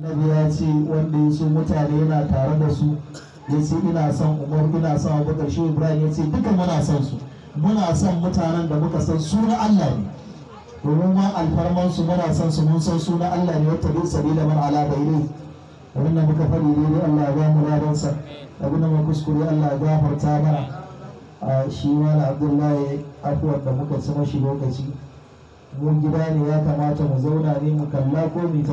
Nabi ya ce wanda ya so mutane yana tare da su ya ce ina son Umar ina son abu shi Ibrahim ya ce duka muna son su muna son mutanen da muka san su na Allah ne domin ma alfarman su muna son su mun san su na Allah ne wata duk da man ala bayyane abin da muka faɗi dai Allah ya ba mu sa abin da muka kuskure Allah ya gafarta mana a shi mana Abdullahi afuwar da muka ci mashi lokaci mun gida ne ya kamata mu zauna ne mu kalla ko mu ta